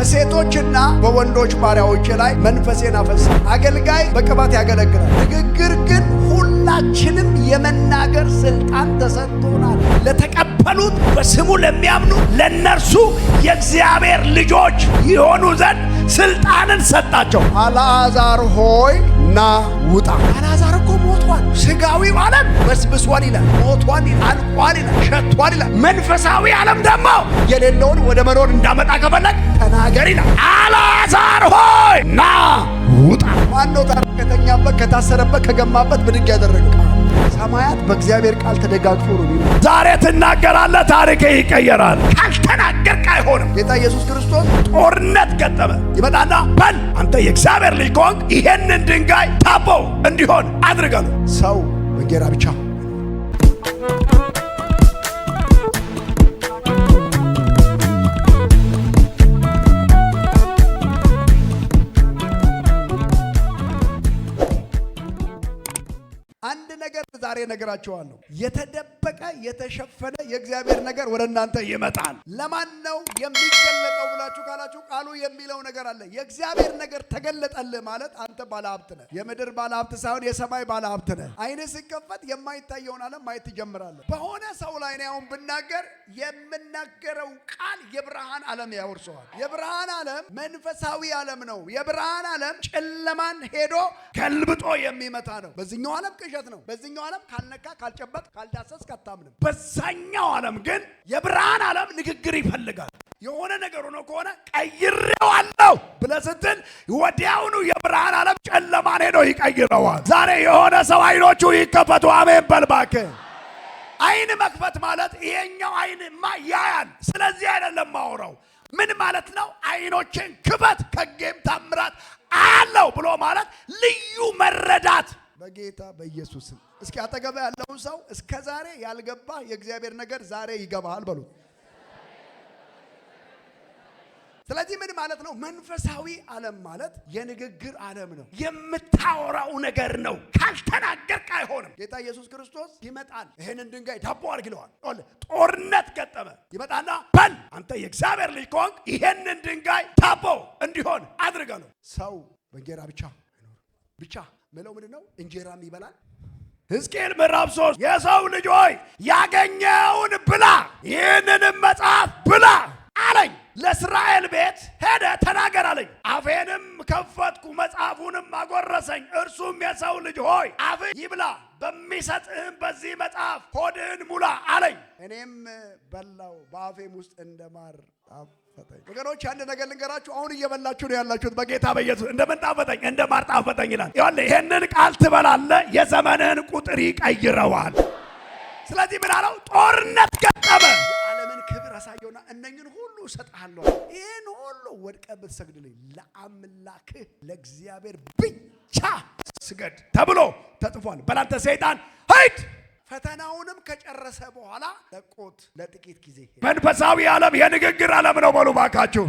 በሴቶችና በወንዶች ባሪያዎች ላይ መንፈሴን አፈሳ። አገልጋይ በቅባት ያገለግላል። ንግግር ግን ሁላችንም የመናገር ስልጣን ተሰጥቶናል። ለተቀበሉት በስሙ ለሚያምኑ ለእነርሱ የእግዚአብሔር ልጆች ይሆኑ ዘንድ ስልጣንን ሰጣቸው። አልዓዛር ሆይ ና ውጣ። አልዓዛር ተለውጧል። ስጋዊ ዓለም በስብሷል ይላል፣ ሞቷል ይላል፣ አልቋል ይላል፣ ሸቷል ይላል። መንፈሳዊ ዓለም ደግሞ የሌለውን ወደ መኖር እንዳመጣ ከፈለግ ተናገር ይላል። አላዛር ሆይ ና ውጣ። ማነው ታዲያ ከተኛበት፣ ከታሰረበት፣ ከገማበት ብድግ ያደረገው? ሰማያት በእግዚአብሔር ቃል ተደጋግፎ ነው የሚሉ። ዛሬ ትናገራለህ፣ ታሪክ ይቀየራል። ካልተናገርክ አይሆንም። ጌታ ኢየሱስ ክርስቶስ ጦርነት ገጠመ። ይመጣና በል አንተ የእግዚአብሔር ልጅ ከሆንክ ይሄንን ድንጋይ ታቦ እንዲሆን አድርጋለሁ። ሰው መንጌራ ብቻ ነገራቸዋለሁ። የተደበቀ የተሸፈነ የእግዚአብሔር ነገር ወደ እናንተ ይመጣል። ለማን ነው የሚገለጠው ብላችሁ ካላችሁ ቃሉ የሚለው ነገር አለ። የእግዚአብሔር ነገር ተገለጠልህ ማለት አንተ ባለሀብት ነህ። የምድር ባለሀብት ሳይሆን የሰማይ ባለሀብት ነህ። አይነ ሲከፈት የማይታየውን ዓለም ማየት ትጀምራለህ። በሆነ ሰው ላይ እኔ አሁን ብናገር የምናገረው ቃል የብርሃን ዓለም ያወርሰዋል። የብርሃን ዓለም መንፈሳዊ ዓለም ነው። የብርሃን ዓለም ጨለማን ሄዶ ገልብጦ የሚመታ ነው። በዚህኛው ዓለም ቅዠት ነው። በዚህኛው ዓለም ካልነካ፣ ካልጨበጥ፣ ካልዳሰስክ አታምንም። በዛኛው ዓለም ግን የብርሃን ዓለም ንግግር ይፈልጋል። የሆነ ነገር ሆኖ ከሆነ ቀይሬዋለሁ ብለህ ስትል ወዲያውኑ የብርሃን ዓለም ጨለማን ሄዶ ይቀይረዋል። ዛሬ የሆነ ሰው አይኖቹ ይከፈቱ። አሜን በልባክ አይን መክፈት ማለት ይሄኛው አይንማ ያያል። ስለዚህ አይደለም ማውራው ምን ማለት ነው? አይኖችን ክፈት ከጌም ታምራት አለው ብሎ ማለት ልዩ መረዳት በጌታ በኢየሱስም እስኪ አጠገባ ያለውን ሰው እስከ ዛሬ ያልገባ የእግዚአብሔር ነገር ዛሬ ይገባሃል በሉት። ስለዚህ ምን ማለት ነው? መንፈሳዊ ዓለም ማለት የንግግር ዓለም ነው። የምታወራው ነገር ነው። ካልተናገርክ አይሆንም። ጌታ ኢየሱስ ክርስቶስ ይመጣል። ይህንን ድንጋይ ዳቦ አድርግ ይለዋል። ጦርነት ገጠመ። ይመጣና በል አንተ የእግዚአብሔር ልጅ ከሆንክ ይህንን ድንጋይ ዳቦ እንዲሆን አድርገ ነው። ሰው በእንጀራ ብቻ ብቻ ምለው ምንድን ነው? እንጀራም ይበላል። ሕዝቅኤል ምዕራፍ ሶስት የሰው ልጅ ሆይ ያገኘውን ብላ፣ ይህንንም መጽሐፍ ብላ አለኝ። ለእስራኤል ቤት ሄደ ተናገር አለኝ። አፌንም ከፈትኩ መጽሐፉንም አጎረሰኝ። እርሱም የሰው ልጅ ሆይ አፍ ይብላ በሚሰጥህም በዚህ መጽሐፍ ሆድህን ሙላ አለኝ። እኔም በላው በአፌም ውስጥ እንደ ማር ጣፈጠኝ። ወገኖች አንድ ነገር ልንገራችሁ፣ አሁን እየበላችሁ ነው ያላችሁት። በጌታ በኢየሱስ እንደምን ጣፈጠኝ፣ እንደ ጣፈጠኝ ይላል። ይኸውልህ ይህንን ቃል ትበላለህ፣ የዘመንህን ቁጥር ይቀይረዋል። ስለዚህ ምን አለው? ጦርነት ገጠመ። የዓለምን ክብር አሳየውና እነኝን ሁሉ እሰጥሃለሁ፣ ይህን ሁሉ ወድቀህ ብትሰግድልኝ፣ ለአምላክህ ለእግዚአብሔር ብቻ ስገድ ተብሎ ተጽፏል። በላንተ ሰይጣን ሂድ ፈተናውንም ከጨረሰ በኋላ ለቆት ለጥቂት ጊዜ መንፈሳዊ ዓለም የንግግር ዓለም ነው። በሉ ባካችሁ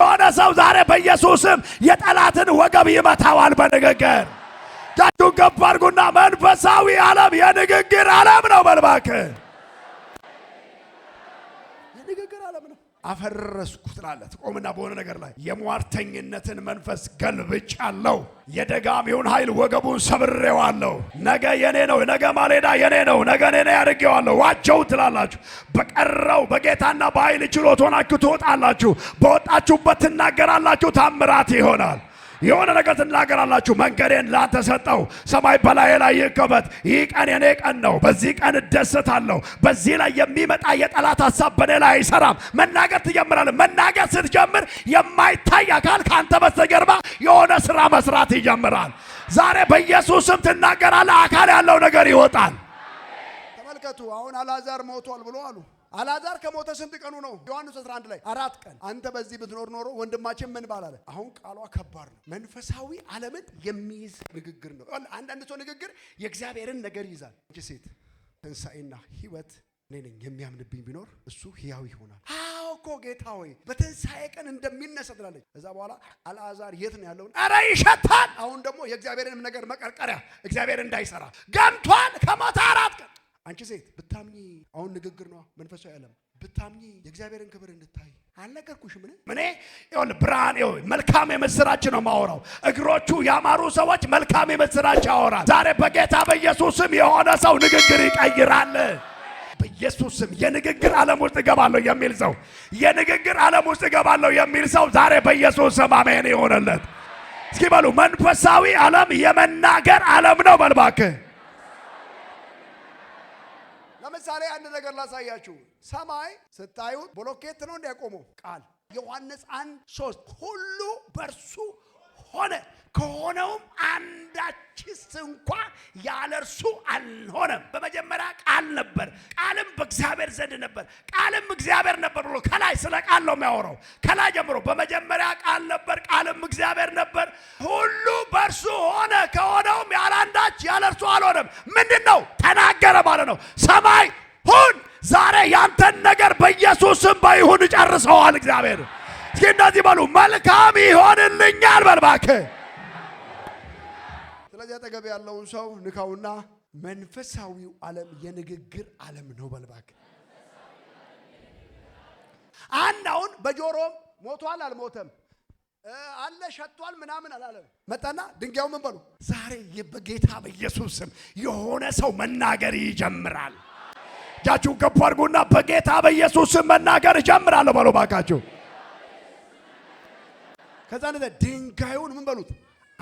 የሆነ ሰው ዛሬ በኢየሱስም የጠላትን ወገብ ይመታዋል በንግግር። እጃችሁን ከፍ አድርጉና መንፈሳዊ ዓለም የንግግር ዓለም ነው በልባክ አፈረስኩ ትላለህ። ቆምና በሆነ ነገር ላይ የሟርተኝነትን መንፈስ ገልብጫለሁ። የደጋሚውን ኃይል ወገቡን ሰብሬዋለሁ። ነገ የኔ ነው፣ ነገ ማሌዳ የኔ ነው፣ ነገ እኔ ያድርጌዋለሁ። ዋቸው ትላላችሁ። በቀረው በጌታና በኃይል ችሎት ሆናችሁ ትወጣላችሁ። በወጣችሁበት ትናገራላችሁ። ታምራት ይሆናል። የሆነ ነገር ትናገራላችሁ። መንገዴን ላንተ ሰጠው፣ ሰማይ በላዬ ላይ ይከበት። ይህ ቀን የኔ ቀን ነው፣ በዚህ ቀን እደሰታለሁ። በዚህ ላይ የሚመጣ የጠላት ሀሳብ በኔ ላይ አይሰራም። መናገር ትጀምራለ መናገር ስትጀምር የማይታይ አካል ከአንተ በስተጀርባ የሆነ ስራ መስራት ይጀምራል። ዛሬ በኢየሱስ ስም ትናገራለ አካል ያለው ነገር ይወጣል። ተመልከቱ፣ አሁን አላዛር ሞቷል ብሎ አሉ አላዛር ከሞተ ስንት ቀኑ ነው? ዮሐንስ 11 ላይ አራት ቀን። አንተ በዚህ ብትኖር ኖሮ ወንድማችን ምን ባላለ። አሁን ቃሏ ከባድ ነው። መንፈሳዊ ዓለምን የሚይዝ ንግግር ነው። አንዳንድ ሰው ንግግር የእግዚአብሔርን ነገር ይዛል። እንጂ ሴት ትንሣኤና ህይወት እኔ ነኝ፣ የሚያምንብኝ ቢኖር እሱ ህያው ይሆናል። አዎ እኮ ጌታ ሆይ በትንሣኤ ቀን እንደሚነሳ ትላለች። እዛ በኋላ አልዓዛር የት ነው ያለውን፣ ኧረ ይሸታል። አሁን ደግሞ የእግዚአብሔርንም ነገር መቀርቀሪያ እግዚአብሔር እንዳይሰራ ገምቷል። ከሞተ አራት ቀን አንቺ ሴት ብታምኚ፣ አሁን ንግግር ነው መንፈሳዊ ዓለም ብታምኚ የእግዚአብሔርን ክብር እንድታይ አልነገርኩሽ? ምን እኔ ይሁን ብርሃን ይሁን መልካም የምስራች ነው ማወራው። እግሮቹ ያማሩ ሰዎች መልካም የምስራች ያወራል። ዛሬ በጌታ በኢየሱስም የሆነ ሰው ንግግር ይቀይራል። በኢየሱስም የንግግር ዓለም ውስጥ እገባለሁ የሚል ሰው የንግግር ዓለም ውስጥ እገባለሁ የሚል ሰው ዛሬ በኢየሱስም አሜን ይሆነለት። እስኪ በሉ መንፈሳዊ ዓለም የመናገር ዓለም ነው በልባክህ ለምሳሌ አንድ ነገር ላሳያችሁ። ሰማይ ስታዩት ብሎኬት ነው እንዲያቆመው ቃል ዮሐንስ አንድ ሶስት ሁሉ በእርሱ ሆነ ከሆነውም አንዳችስ እንኳ ያለ እርሱ አልሆነም። በመጀመሪያ ቃል ነበር፣ ቃልም በእግዚአብሔር ዘንድ ነበር፣ ቃልም እግዚአብሔር ነበር ብሎ ከላይ ስለ ቃል ነው የሚያወራው። ከላይ ጀምሮ በመጀመሪያ ቃል ነበር፣ ቃልም እግዚአብሔር ነበር፣ ሁሉ በእርሱ ሆነ ከሆነውም ያለ አንዳች ያለ እርሱ አልሆነም። በኢየሱስ ስም ባይሁን ጨርሰዋል። እግዚአብሔር እስኪ እንደዚህ በሉ፣ መልካም ይሆንልኛል በልባክ ስለዚህ አጠገብ ያለውን ሰው ንካውና መንፈሳዊው ዓለም የንግግር ዓለም ነው በል አንድ አሁን በጆሮም ሞቷል አልሞተም አለ ሸቷል ምናምን አላለም። መጣና ድንጋዩ ምን በሉ ዛሬ በጌታ በኢየሱስ ስም የሆነ ሰው መናገር ይጀምራል። እጃችሁን ከፍ አድርጉና በጌታ በኢየሱስ ስም መናገር እጀምራለሁ በሉ ባካችሁ። ከዛ እንደ ድንጋዩን ምን በሉት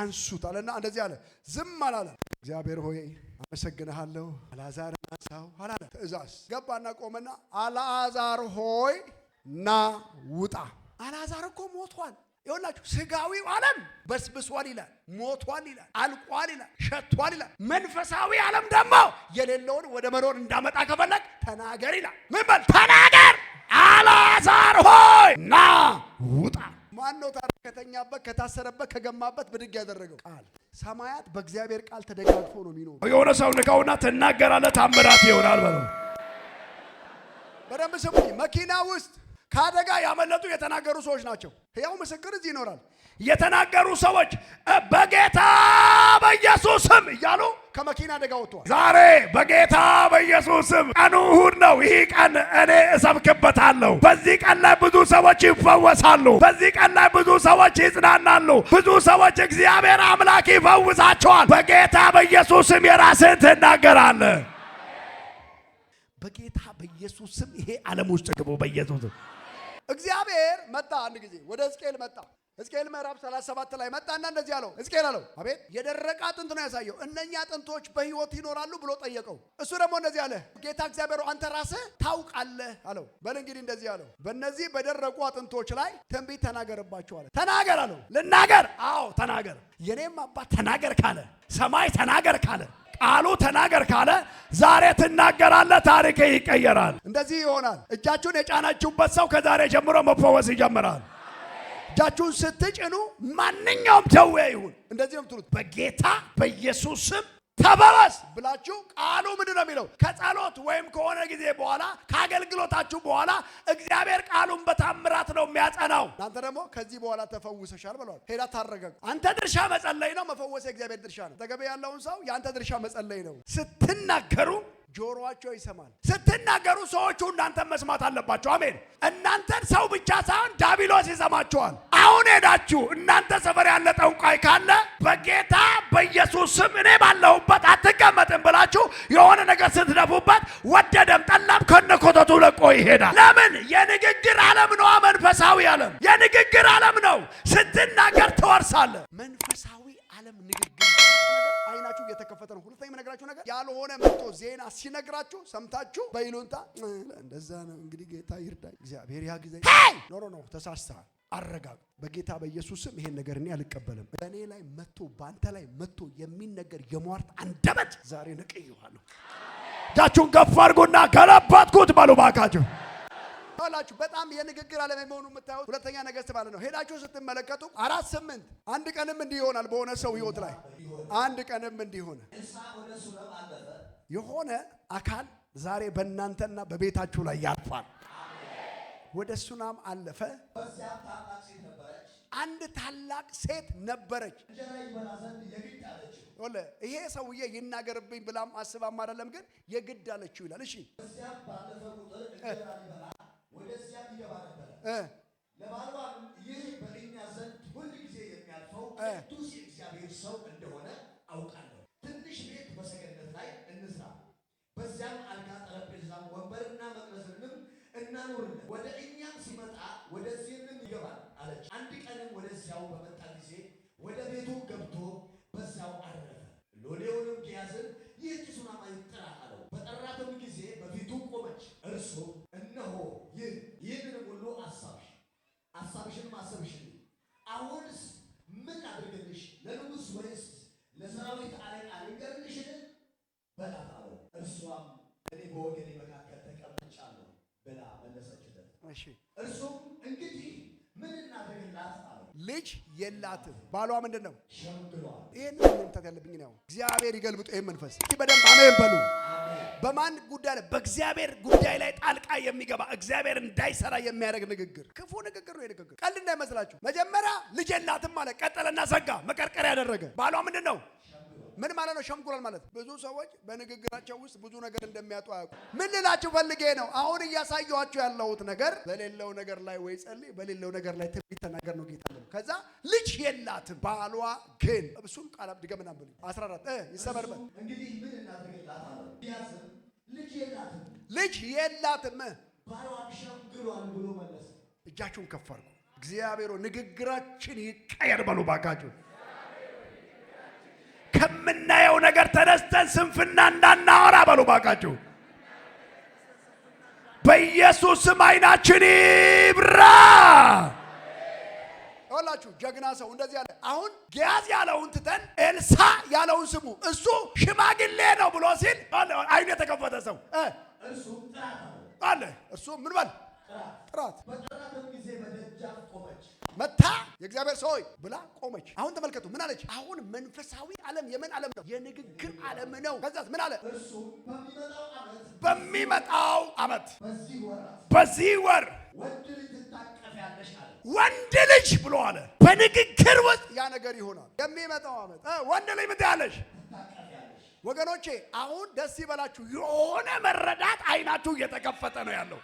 አንሱት አለና እንደዚህ አለ። ዝም አላለ። እግዚአብሔር ሆይ አመሰግንሃለሁ፣ አልዓዛርን አንሳው አላለ። ትእዛዝ ገባና ቆመና አልዓዛር ሆይ ና ውጣ። አልዓዛር እኮ ሞቷል። ይኸውላችሁ ስጋዊው ዓለም በስብሷል ይላል፣ ሞቷል ይላል፣ አልቋል ይላል፣ ሸቷል ይላል። መንፈሳዊ ዓለም ደግሞ የሌለውን ወደ መኖር እንዳመጣ ከፈለግ ተናገር ይላል። ምን በል ተናገር፣ አላዛር ሆይ ና ውጣ። ማን ነው ታዲያ ከተኛበት፣ ከታሰረበት፣ ከገማበት ብድግ ያደረገው? ቃል ሰማያት በእግዚአብሔር ቃል ተደጋግፎ ነው የሚኖሩ። የሆነ ሰው ንቀውና ትናገራለህ፣ ታምራት ይሆናል በለው። በደንብ ስሙኝ መኪና ውስጥ ከአደጋ ያመለጡ የተናገሩ ሰዎች ናቸው። ሕያው ምስክር እዚህ ይኖራል። የተናገሩ ሰዎች በጌታ በኢየሱስም ስም እያሉ ከመኪና አደጋ ወጥተዋል። ዛሬ በጌታ በኢየሱስም ስም ቀኑ እሁድ ነው። ይህ ቀን እኔ እሰብክበታለሁ። በዚህ ቀን ላይ ብዙ ሰዎች ይፈወሳሉ። በዚህ ቀን ላይ ብዙ ሰዎች ይጽናናሉ። ብዙ ሰዎች እግዚአብሔር አምላክ ይፈውሳቸዋል። በጌታ በኢየሱስም ስም የራስህን ትናገራለህ። በጌታ በኢየሱስም ይሄ ዓለም ውስጥ ግቡ። በኢየሱስም እግዚአብሔር መጣ። አንድ ጊዜ ወደ ሕዝቅኤል መጣ። ሕዝቅኤል ምዕራፍ 37 ላይ መጣና እንደዚህ አለው። ሕዝቅኤል አለው አቤት፣ የደረቀ አጥንት ነው ያሳየው። እነኛ አጥንቶች በሕይወት ይኖራሉ ብሎ ጠየቀው። እሱ ደግሞ እንደዚህ አለ፣ ጌታ እግዚአብሔር አንተ ራስህ ታውቃለህ አለው። በል እንግዲህ እንደዚህ አለው፣ በእነዚህ በደረቁ አጥንቶች ላይ ትንቢት ተናገርባቸው አለ። ተናገር አለው። ልናገር? አዎ ተናገር። የኔም አባት ተናገር ካለ፣ ሰማይ ተናገር ካለ፣ ቃሉ ተናገር ካለ ዛሬ ትናገራለ ታሪክ ይቀየራል። እንደዚህ ይሆናል። እጃችሁን የጫናችሁበት ሰው ከዛሬ ጀምሮ መፈወስ ይጀምራል። እጃችሁን ስትጭኑ ማንኛውም ደዌ ይሁን እንደዚህ ነው የምትሉት፣ በጌታ በኢየሱስ ስም ተበረስ ብላችሁ ቃሉ ምንድን ነው የሚለው? ከጸሎት ወይም ከሆነ ጊዜ በኋላ ከአገልግሎታችሁ በኋላ እግዚአብሔር ቃሉን በታምራት ነው የሚያጸናው። እናንተ ደግሞ ከዚህ በኋላ ተፈውሰሻል ብለዋል። ሄዳ ታረገ አንተ ድርሻ መጸለይ ነው። መፈወስ የእግዚአብሔር ድርሻ ነው። ተገቢ ያለውን ሰው የአንተ ድርሻ መጸለይ ነው ስትናገሩ ጆሮአቸው ይሰማል። ስትናገሩ ሰዎቹ እናንተን መስማት አለባቸው። አሜን። እናንተን ሰው ብቻ ሳይሆን ዳቢሎስ ይሰማቸዋል። አሁን ሄዳችሁ እናንተ ሰፈር ያለ ጠንቋይ ካለ በጌታ በኢየሱስ ስም እኔ ባለሁበት አትቀመጥም ብላችሁ የሆነ ነገር ስትደፉበት ወደደም ጠላም ከነኮተቱ ለቆ ይሄዳል። ለምን? የንግግር ዓለም ነዋ። መንፈሳዊ ዓለም የንግግር ዓለም ነው። ስትናገር ትወርሳለህ። መንፈሳዊ ዓለም ንግግር ነው። ሁለተኛ የምነግራችሁ ነገር ያልሆነ መጥቶ ዜና ሲነግራችሁ ሰምታችሁ በይሉንታ እንደዛ ነው እንግዲህ ጌታ ይርዳ እግዚአብሔር ያ ጊዜ ኖ ኖ ተሳስተሃል። አረጋግ በጌታ በኢየሱስም ይሄን ነገር እኔ አልቀበልም። በእኔ ላይ መጥቶ በአንተ ላይ መጥቶ የሚነገር የሟርት አንደበት ዛሬ ነቅየዋለሁ። እጃችሁን ከፍ አድርጉና ገለባትኩት በሉ ባካችሁ። አላችሁ በጣም የንግግር አለመሆኑ የምታዩት ሁለተኛ ነገስት ማለት ነው። ሄዳችሁ ስትመለከቱ አራት ስምንት አንድ ቀንም እንዲህ ይሆናል በሆነ ሰው ህይወት ላይ አንድ ቀንም እንዲህ ሆነ። የሆነ አካል ዛሬ በእናንተና በቤታችሁ ላይ ያልፋል። ወደ ሱናም አለፈ። አንድ ታላቅ ሴት ነበረች። ይሄ ሰውዬ ይናገርብኝ ብላም አስባም አይደለም፣ ግን የግድ አለችው ይላል። እሺ ለባልባል ይህ በእኛ ዘንድ ሁል ጊዜ የሚያልፈው ቅዱስ የእግዚአብሔር ሰው እንደሆነ አውቃለሁ። ትንሽ ቤት በሰገነት ላይ እንስራ፣ በዚያም አልጋ፣ ጠረጴዛም፣ ወንበርና መቅረዝንም እናኑርለት። ወደ እኛም ሲመጣ ወደዚህንም ይገባል አለች። አንድ ቀንም ወደዚያው በመጣ የላትም። ባሏ ምንድን ነው? ይህን መምታት ያለብኝ ነው። እግዚአብሔር ይገልብጡ ይህን መንፈስ እ በደንብ አሜን በሉ። በማን ጉዳይ ላይ? በእግዚአብሔር ጉዳይ ላይ ጣልቃ የሚገባ እግዚአብሔር እንዳይሰራ የሚያደርግ ንግግር፣ ክፉ ንግግር ነው። ንግግር ቀልድ እንዳይመስላችሁ። መጀመሪያ ልጅ የላትም ማለት ቀጠለና ዘጋ፣ መቀርቀር ያደረገ ባሏ ምንድን ነው ምን ማለት ነው? ሸምጉላል ማለት ብዙ ሰዎች በንግግራቸው ውስጥ ብዙ ነገር እንደሚያጡ አያውቁ። ምን ልላችሁ ፈልጌ ነው፣ አሁን እያሳየኋችሁ ያለሁት ነገር በሌለው ነገር ላይ ወይ ጸልይ፣ በሌለው ነገር ላይ ትንቢት ተናገር ነው ጌታ። ከዛ ልጅ የላትም ባሏ ግን እሱን ቃል ድገምና ብሉ 14 ይሰበርበት ልጅ የላትም እጃችሁን ከፈርኩ። አድርጉ። እግዚአብሔር ንግግራችን ይቀየር በሉ ባካችሁ። ከምናየው ነገር ተነስተን ስንፍና እንዳናወራ በሉ ባካችሁ። በኢየሱስ ስም አይናችን ይብራ። ይኸውላችሁ ጀግና ሰው እንደዚህ ያለ አሁን ጌያዝ ያለውን ትተን ኤልሳ ያለውን ስሙ። እሱ ሽማግሌ ነው ብሎ ሲል አይኑ የተከፈተ ሰው አለ። እሱ ምን በል ጥራት መታ የእግዚአብሔር ሰው ብላ ቆመች። አሁን ተመልከቱ ምን አለች? አሁን መንፈሳዊ ዓለም የምን ዓለም ነው? የንግግር ዓለም ነው። ከዛስ ምን አለ? በሚመጣው ዓመት በዚህ ወር ወንድ ልጅ ብሎ አለ። በንግግር ውስጥ ያ ነገር ይሆናል። የሚመጣው ዓመት ወንድ ልጅ ምን ያለሽ ወገኖቼ፣ አሁን ደስ ይበላችሁ። የሆነ መረዳት አይናችሁ እየተከፈተ ነው ያለው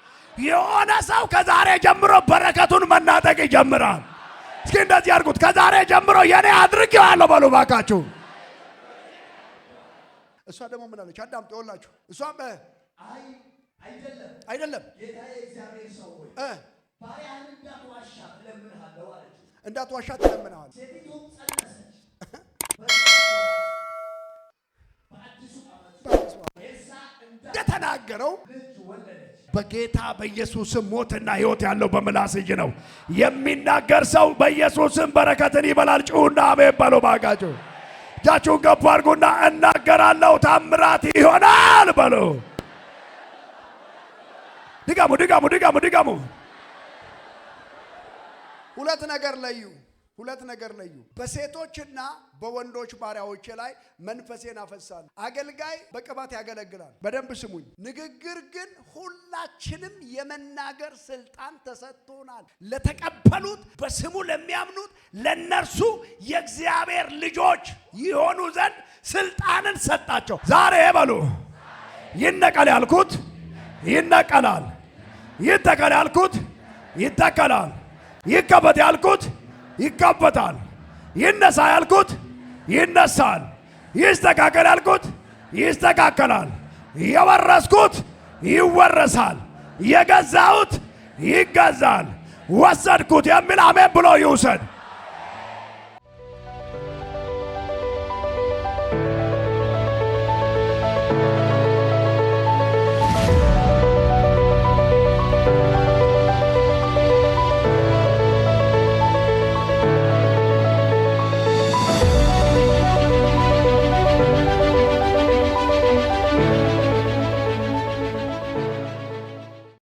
የሆነ ሰው ከዛሬ ጀምሮ በረከቱን መናጠቅ ይጀምራል። እስኪ እንደዚህ አድርጉት። ከዛሬ ጀምሮ የኔ አድርጌዋለሁ በሉ ባካችሁ። እሷ ደግሞ ምን አለች? አዳምጡ ይኸውላችሁ። እሷም አይደለም እንዳትዋሻ ትለምናዋል። እንደተናገረው በጌታ በኢየሱስም ሞትና ህይወት ያለው በምላስ እጅ ነው። የሚናገር ሰው በኢየሱስም በረከትን ይበላል። ጩሁና አሜን በሉ። ባጋቸው እጃችሁን ገፉ አድርጉና እናገራለሁ ታምራት ይሆናል በሉ። ድገሙ፣ ድገሙ፣ ድገሙ፣ ድገሙ። ሁለት ነገር ለዩ ሁለት ነገር ለዩ። በሴቶችና በወንዶች ባሪያዎች ላይ መንፈሴን አፈሳለሁ። አገልጋይ በቅባት ያገለግላል። በደንብ ስሙኝ። ንግግር ግን ሁላችንም የመናገር ስልጣን ተሰጥቶናል። ለተቀበሉት በስሙ ለሚያምኑት ለነርሱ የእግዚአብሔር ልጆች ይሆኑ ዘንድ ስልጣንን ሰጣቸው። ዛሬ በሉ ይነቀል ያልኩት ይነቀላል፣ ይተከል ያልኩት ይተከላል፣ ይከፈት ያልኩት ይጋበጣል። ይነሳ ያልኩት ይነሳል። ይስተካከል ያልኩት ይስተካከላል። የወረስኩት ይወረሳል። የገዛሁት ይገዛል። ወሰድኩት የሚል አሜን ብሎ ይውሰድ።